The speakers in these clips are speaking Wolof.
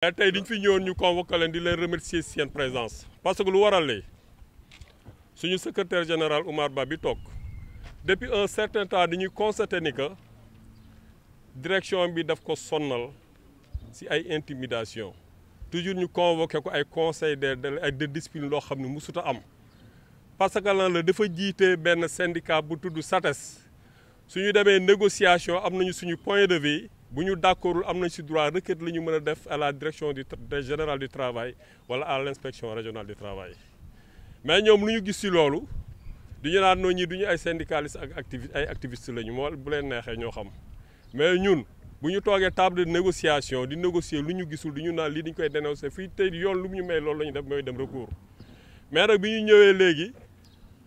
Eh, tey diñ fi ñëwoon ñu convoqué leen di leen remercier seen présence parce que lu warale suñu secrétaire général Oumar Ba bi toog depuis un certain temps dañuy constaté ni que direction bi daf ko sonnal ci ay intimidation toujours ñu convoqué ko ay conseil de de discipline loo xam ne musuta am parce que lan la dafa jiite benn syndicat bu tudd SATES suñu demee négociation am nañu suñu point de vue bu ñu d'accordul am nañ si droit requête la ñu mën a def à la direction du générale du travail wala à l'inspection régionale du travail mais ñoom lu ñu gis si loolu duñu naan noonu ñi du ñu ay syndicaliste ak activi ay activiste la ñu moo bu leen neexee ñoo xam mais ñun bu ñu toogee table de négociation di négocier lu ñu gisul du ñu naan lii dañu koy dénoncer fii tey yoon lu mu ñu may loolu la ñu def mooy dem recours mais nag bi ñëwee léegi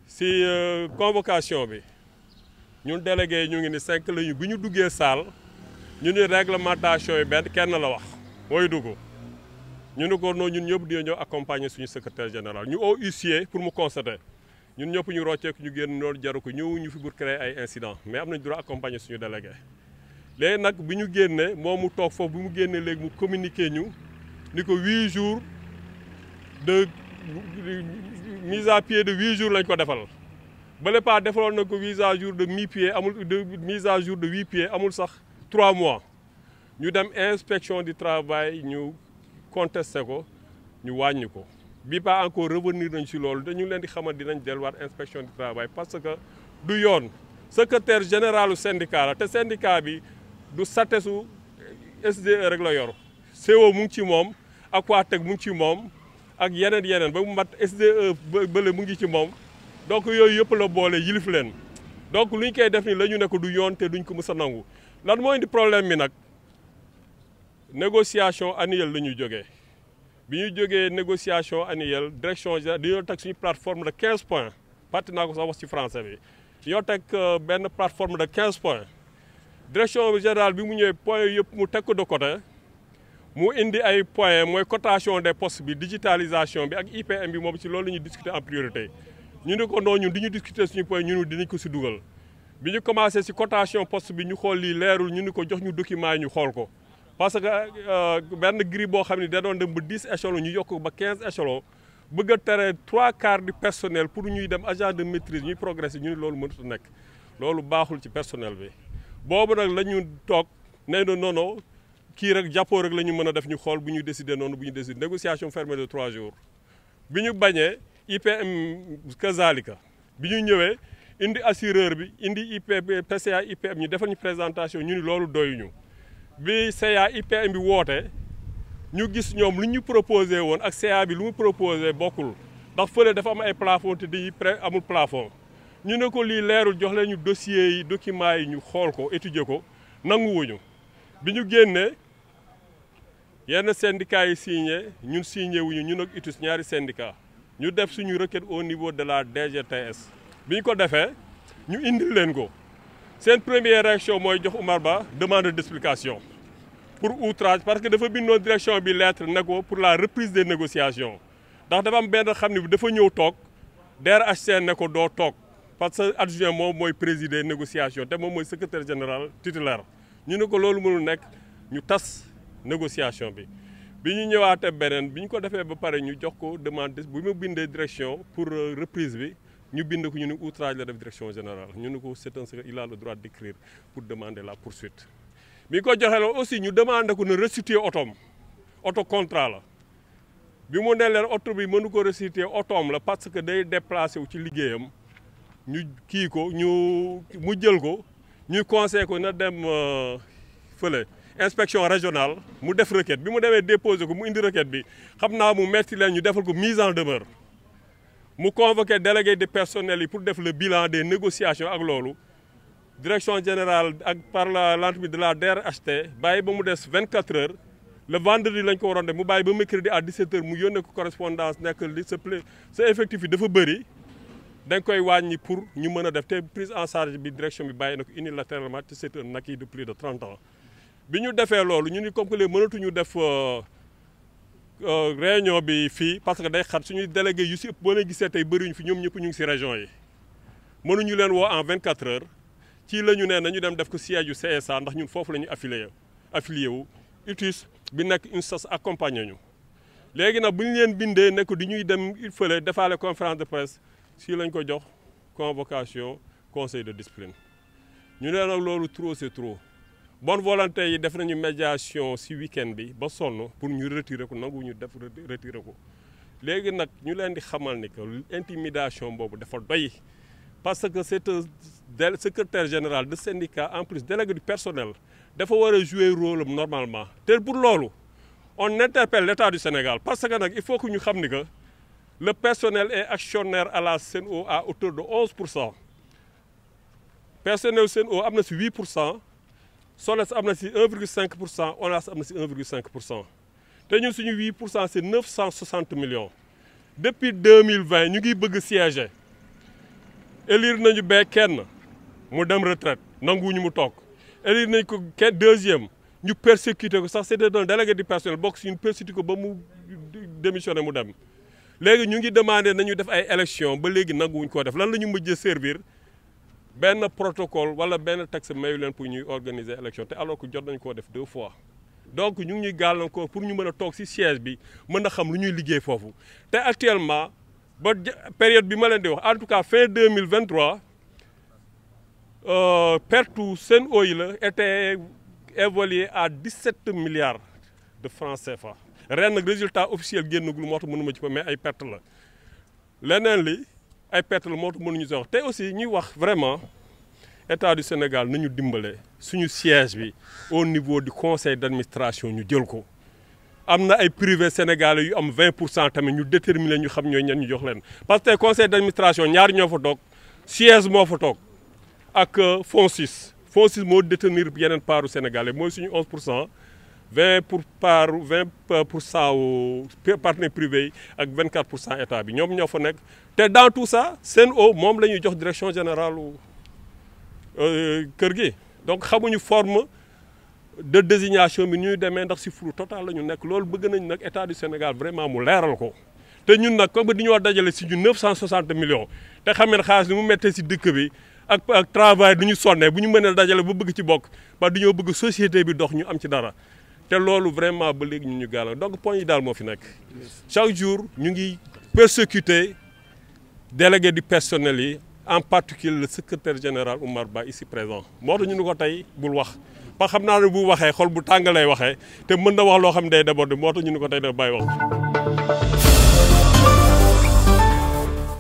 si euh, convocation bi ñun délégué yi ñu ngi ni cinq la ñu bi ñu duggee saal ñu ni réglementation yi benn kenn la wax mooy dugg ñu ni ko noonu ñun ñëpp di ñëw accompagner suñu secrétaire général ñu au huissier pour mu constater ñun ñëpp ñu rocceeku ñu génn loolu jaru ko ñëw ñu fi pour créer ay incident mais am nañ droit accompagner suñu délégué léegi nag bi ñu génne moom mu toog foofu bi mu génne léegi mu communiqué ñu ni ko huit jours de mise à pied de huit jours lañ ko defal bale pas defaloon na ko mise à jour de mi pied amul de mise à jour de huit pieds sax trois mois ñu dem inspection du travail ñu contesté ko ñu wàññi ko bi ba encore revenir nañ ci loolu dañu leen di xamal dinañ delluwaat inspection du travail parce que du yoon secretaire généralu syndicat la te syndicat bi du satesu SDE rek la yor CO e mu ci moom ak waa teg mu ci moom ak yeneen yeneen ba mu mat SDE bële mu ngi ci moom donc yooyu yëpp la boole yilif leen donc lu ñu koy def ni la ñu ne ko du yoon te duñ ko mës a nangu lan moo indi problème bi nag négociation annuelle la ñu jógee bi ñu jógee négociation annuelle direction générale dañoo teg suñu plateforme de 15 points parti naa ko sax wax ci français bi dañoo teg euh, benn plateforme de 15 points direction générale bi mu ñëwee point yëpp mu teg ko de côté mu indi ay points mooy cotation des post bi digitalisation bi ak IPM bi moom ci loolu la ñuy discuter en ñu ne ko non ñu di ñu discuter suñu point ñun dinañ ko si dugal bi ñu commencé si cotation post bi ñu xool lii leerul ñu ni ko jox ñu document yi ñu xool ko parce que euh, benn grille boo xam ne da doon dem ba dix échelons ñu yokk ba quinze échelons bëgg a tere trois quarts du personnel pour ñuy dem agent de maîtrise ñuy progresser ñu ne loolu mënut nekk loolu baaxul ci personnel bi boobu nag la ñu toog nee na non non kii rek jàppoo rek la ñu mën a def ñu xool bu ñu décider noonu bu ñu décider négociation fermée de trois jours bi ñu bañee IPM kazalika bi ñu ñëwee indi assureur bi indi IP PCA IPM ñu defal ñu présentation ñu ni loolu doyuñu bi CA IPM bi woote ñu gis ñoom lu ñu proposé woon ak CA bi lu mu proposé bokkul ndax fële dafa am ay plafond te di amul plafond ñu ne ko lii leerul jox leen ñu dossiers yi documents yi ñu xool ko étudier ko nanguwuñu bi ñu génnee yenn syndicats yi signé ñun signé wuñu ñu ak UTUS ñaari syndicat ñu def suñu requête au niveau de la DGTS bi ñu ko defee ñu indil leen ko seen première réaction mooy jox Oumar Ba demande d'explication pour outrage parce que dafa bindoon direction bi lettre ne ko pour la reprise de négociations ndax dafa am benn xam ni bu dafa ñëw toog DRHC ne ko doo toog parce que adjoint moom mooy présider négociation te moom mooy secrétaire général titulaire ñu ne ko loolu mënul nekk ñu tas négociation bi bi ñu ñëwaatee beneen bi ñu ko defee ba pare ñu jox ko demande bu mu bindee direction pour euh, reprise bi ñu bind ko ñu ne outrage la def direction générale ñu ne ko c'est un secret il a le droit d'écrire pour demander la poursuite. bi ñu ko joxee la aussi ñu demandé ko ne restituer otoom oto contrat la bi mu ne leen oto bi mënu ko restituer otoom la parce que day déplacé wu ci liggéeyam ñu kii ko ñu mu jël ko ñu conseillé ko na dem euh, fële. inspection régionale mu def requête bi mu demee déposé ko mu indi requête bi xam naa mu metti leen ñu defal ko mise en demeure mu convoqué délégué de personnel yi pour def le bilan des négociation ak loolu direction générale ak par la l'entremise de la DRHT bàyyi ba mu des 24 heures le vendredi lañ ko waroon de mu bàyyi ba mercredi à 17 heures mu yónnee ko correspondance nekk li sa sa effectif yi dafa bëri dañ koy wàññi pou ñu mën a def te prise bi direction bi bàyyi na ko unilatéralement te c'est un acquis bi ñu defee loolu ñu ni comme mënatuñu def euh, euh, réunion bi fii parce que day xat suñuy délégué yu si ëpp boo leen gisee tey bëriwuñ fi ñoom ñëpp ñu ngi si région yi mënuñu leen woo en vingt quatre heures ci la ñu ne nañu dem def ko siège yu CSA ndax ñun foofu la ñu affilié affilié wu UTIS bi nekk UNSAS accompagné ñu léegi nag bu ñu leen bindee nekk di ñuy dem il fallait defaale conférence de presse si lañ ko jox convocation conseil de discipline ñu ne nag loolu trop c'est bon volonté yi def nañu médiation ci week bi ba sonn pour ñu retirer ko nangu ñu def retirer ko léegi nag ñu leen di xamal ni que intimidation boobu dafa doy parce que c'est un secretaire général de syndicat en plus délégué du personnel dafa war a jouer rôle am normalement te pour loolu on interpelle l'État du Sénégal parce que nag il faut que ñu xam ni que le personnel et actionnaire à la Sen'Eau à hauteur de 11 pour cent personnel Sen'Eau am na si 8 pour cent SONES am na si cinq pour cent ONAS am un si 1,5 pour cent te ñu suñu 8 pour cent c' est 960 millions depuis 2020 ñu ngi bëgg siéger élire nañu bee kenn mu dem retraite nanguwuñu mu toog élire nañ ko kenn deuxième ñu persécuté ko sax c' était un délégué du personnel bokk si ñu persécuté ko ba mu démissionné mu dem léegi ñu ngi demandé nañu def ay élection ba léegi nanguwuñ koo def lan la ñu mujj servir. benn protocole wala benn texte mayu leen pour ñuy organiser élection te alors que jot nañ koo def deux fois donc ñu ngi ñuy gàllankoor pour ñu mën a toog ci siège bi mën a xam lu ñuy liggéey foofu te actuellement ba période bi ma leen di wax en tout cas fin 2023 euh, pertu seen eau yi la était évalué à 17 milliards de francs CFA ren nag résultat officiel génnagul moo tax mënuma ci ko mais ay perte la leneen li ay perte moo tax mënuñu si wax te aussi ñuy wax vraiment état du Sénégal nañu dimbale suñu siège bi au niveau du conseil d' administration ñu jël ko. am na ay privé sénégalais yu am pour cent tamit ñu déterminer ñu xam ñooy ñan ñu jox leen parce que conseil d' administration ñaari ñoo fa toog siège moo fa toog ak euh, FONSIS FONSIS moo détenir yeneen paaru sénégalais mooy suñu 11 pour cent. vingt pour part vingt euh, pour cent wu partenaires privés yi ak vingt quatre pour cent état bi ñoom ñoo fa nekk te dans tout ça Sen'Eau moom la ñuy jox direction générale euh, kër gi donc xamuñu forme de désignation bi ñuy demee ndax si flou total la ñu nekk loolu bëgg nañ nag état du Sénégal vraiment mu leeral ko te ñun nag comme di ñu war dajale si ñu neuf cent soixante million te xam ngeen xaalis ni mu méttee si dëkk bi ak ak du ñu sonnee bu ñu mënee dajale ba bëgg ci bokk ba du ñoo bëgg société bi dox ñu am ci dara te loolu vraiment ba léegi ñu ñu gàllankoor donc point yi daal moo fi nekk chaque jour ñu ngi persécuter délégué du personnel yi en particule le secrétaire général Oumar Ba ici présent moo tax ñu ni ko tey bul wax ba xam naa ne bu waxee xol bu tàng lay waxee te mën na wax loo xam ne day déborder moo tax ñu ni ko tey da bàyyi wax